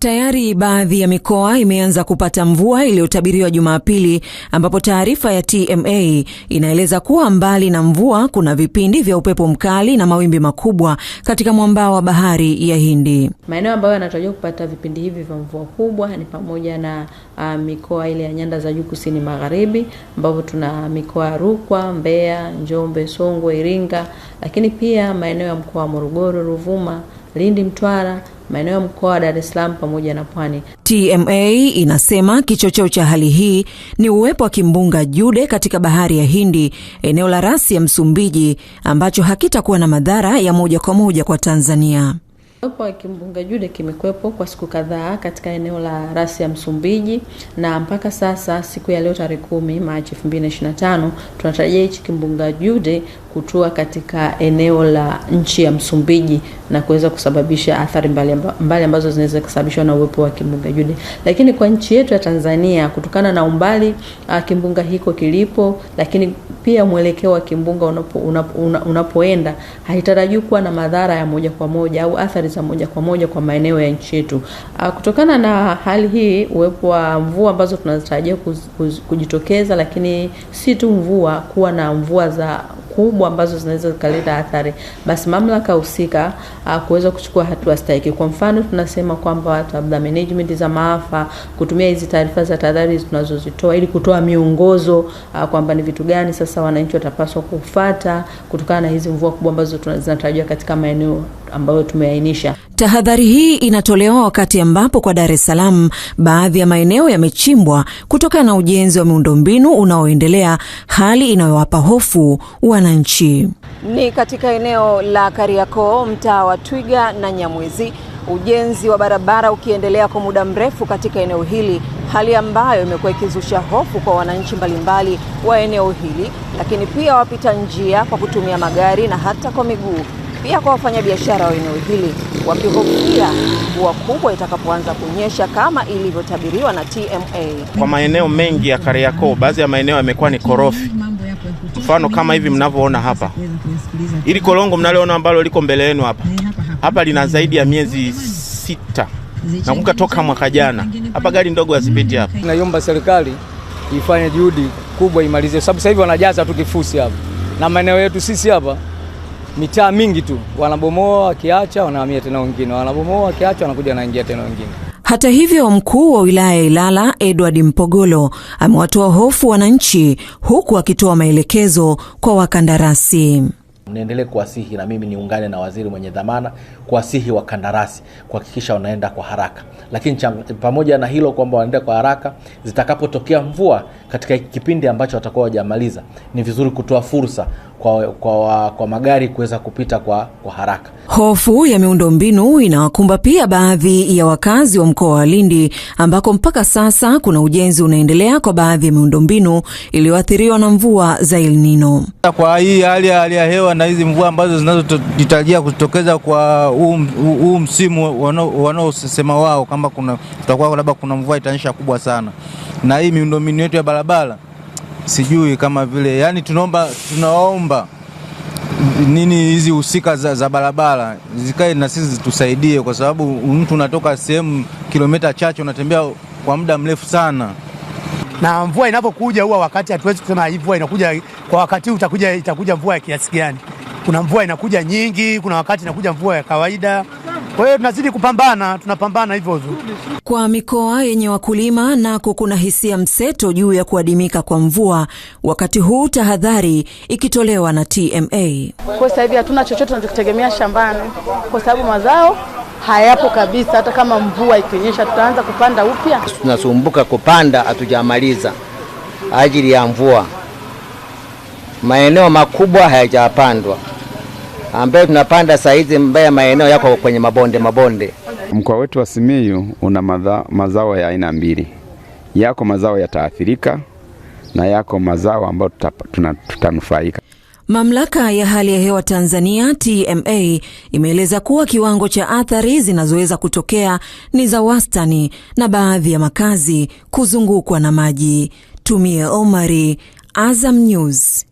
Tayari baadhi ya mikoa imeanza kupata mvua iliyotabiriwa Jumapili, ambapo taarifa ya TMA inaeleza kuwa mbali na mvua kuna vipindi vya upepo mkali na mawimbi makubwa katika mwambao wa bahari ya Hindi. Maeneo ambayo yanatarajiwa kupata vipindi hivi vya mvua kubwa ni pamoja na uh, mikoa ile ya nyanda za juu kusini magharibi, ambapo tuna mikoa ya Rukwa, Mbeya, Njombe, Songwe, Iringa, lakini pia maeneo ya mkoa wa Morogoro, Ruvuma, Lindi, Mtwara maeneo ya mkoa wa Dar es Salaam pamoja na Pwani. TMA inasema kichocheo cha hali hii ni uwepo wa kimbunga Jude katika bahari ya Hindi, eneo la rasi ya Msumbiji, ambacho hakitakuwa na madhara ya moja kwa moja kwa Tanzania. Uwepo wa kimbunga Jude kimekuwepo kwa siku kadhaa katika eneo la rasi ya Msumbiji na mpaka sasa siku ya leo tarehe kumi Machi 2025 tunatarajia hichi kimbunga Jude kutua katika eneo la nchi ya Msumbiji na kuweza kusababisha athari mbali, mbali ambazo zinaweza kusababishwa na uwepo wa kimbunga Jude. Lakini kwa nchi yetu ya Tanzania kutokana na umbali ah, kimbunga hiko kilipo, lakini pia mwelekeo wa kimbunga unapo, unapo, unapoenda haitarajiwi kuwa na madhara ya moja kwa moja au athari za moja kwa moja kwa maeneo ya nchi yetu. Ah, kutokana na hali hii, uwepo wa mvua ambazo tunatarajia kujitokeza, lakini si tu mvua, kuwa na mvua za kubwa ambazo zinaweza zikaleta athari, basi mamlaka husika ah, kuweza kuchukua hatua stahiki. Kwa mfano, tunasema kwamba labda management za maafa kutumia hizi taarifa za tahadhari tunazozitoa ili kutoa miongozo ah, kwamba ni vitu gani sasa sasa wananchi watapaswa kufata kutokana na hizi mvua kubwa ambazo zinatarajiwa katika maeneo ambayo tumeainisha. Tahadhari hii inatolewa wakati ambapo kwa Dar es Salaam baadhi ya maeneo yamechimbwa kutokana na ujenzi wa miundombinu unaoendelea, hali inayowapa hofu wananchi. Ni katika eneo la Kariakoo, mtaa wa Twiga na Nyamwezi, ujenzi wa barabara ukiendelea kwa muda mrefu katika eneo hili hali ambayo imekuwa ikizusha hofu kwa wananchi mbalimbali wa eneo hili, lakini pia wapita njia kwa kutumia magari na hata kwa miguu, pia kwa wafanyabiashara wa eneo hili wakihofia mvua kubwa itakapoanza kunyesha kama ilivyotabiriwa na TMA. Kwa maeneo mengi ya Kariakoo, baadhi ya maeneo yamekuwa ni korofi, mfano kama hivi mnavyoona hapa, ili korongo mnaloona ambalo liko mbele yenu hapa hapa lina zaidi ya miezi sita nakumbuka toka mwaka jana hapa gari ndogo hazipiti hapa. Naiomba serikali ifanye juhudi kubwa imalize sababu sasa hivi wanajaza tu kifusi hapa na maeneo yetu sisi hapa, mitaa mingi tu wanabomoa, wakiacha wanahamia tena wengine, wanabomoa, wakiacha wanakuja wanaingia tena wengine. Hata hivyo mkuu wa wilaya ya Ilala Edward Mpogolo amewatoa hofu wananchi, huku akitoa maelekezo kwa wakandarasi. Niendelee kuwasihi na mimi niungane na waziri mwenye dhamana kuwasihi wakandarasi kuhakikisha wanaenda kwa haraka, lakini pamoja na hilo kwamba wanaenda kwa haraka, zitakapotokea mvua katika kipindi ambacho watakuwa wajamaliza, ni vizuri kutoa fursa kwa, kwa, kwa magari kuweza kupita kwa, kwa haraka. Hofu ya miundombinu inawakumba pia baadhi ya wakazi wa mkoa wa Lindi ambako mpaka sasa kuna ujenzi unaendelea kwa baadhi ya miundombinu iliyoathiriwa na mvua za El Nino. Kwa hii hali ya hali ya hewa na hizi mvua ambazo zinazojitarajia kutokeza kwa huu msimu wanaosema wao kwamba kuna tutakuwa labda kuna mvua itanyesha kubwa sana, na hii miundombinu yetu ya barabara sijui kama vile yani, tunaomba tunaomba nini hizi husika za, za barabara zikae na sisi zitusaidie, kwa sababu mtu unatoka sehemu kilomita chache unatembea kwa muda mrefu sana, na mvua inapokuja huwa wakati hatuwezi kusema hii mvua inakuja kwa wakati utakuja, itakuja mvua ya kiasi gani. Kuna mvua inakuja nyingi, kuna wakati inakuja mvua ya kawaida. Kwa hiyo tunazidi kupambana, tunapambana hivyo tu. Kwa mikoa yenye wakulima nako kuna hisia mseto juu ya kuadimika kwa mvua, wakati huu tahadhari ikitolewa na TMA. Kwa sasa hivi hatuna chochote tunachokitegemea shambani kwa sababu mazao hayapo kabisa. Hata kama mvua ikionyesha, tutaanza kupanda upya. Tunasumbuka kupanda, hatujamaliza ajili ya mvua, maeneo makubwa hayajapandwa ambayo tunapanda hizi mbaya, maeneo yako kwenye mabonde mabonde. Mkoa wetu wa Simiyu una maza, mazao ya aina mbili, yako mazao yataathirika na yako mazao ambayo tutanufaika. Mamlaka ya hali ya hewa Tanzania TMA imeeleza kuwa kiwango cha athari zinazoweza kutokea ni za wastani na baadhi ya makazi kuzungukwa na maji. Tumie Omari, Azam News.